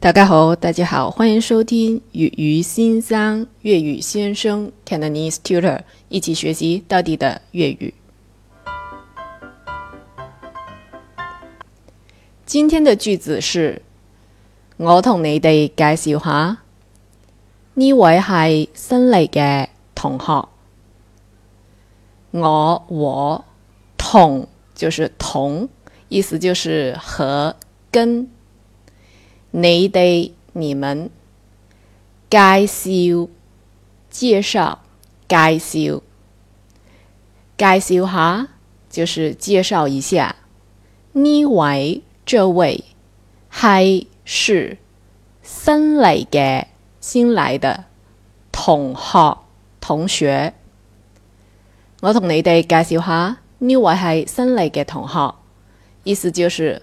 大家好，大家好，歡迎收聽粵語先生，粵語先生，Cantonese Tutor，一起學習地道的粵語。 今天的句子是：我同你哋介紹下，呢位係新嚟嘅同學。我我同就是同，意思就是和跟。你哋，你們介紹介紹介紹介紹下，就是介紹一下，呢位這位係是新嚟嘅新嚟的同學同學，我同你哋介紹下，呢位係新嚟嘅同學，意思就是。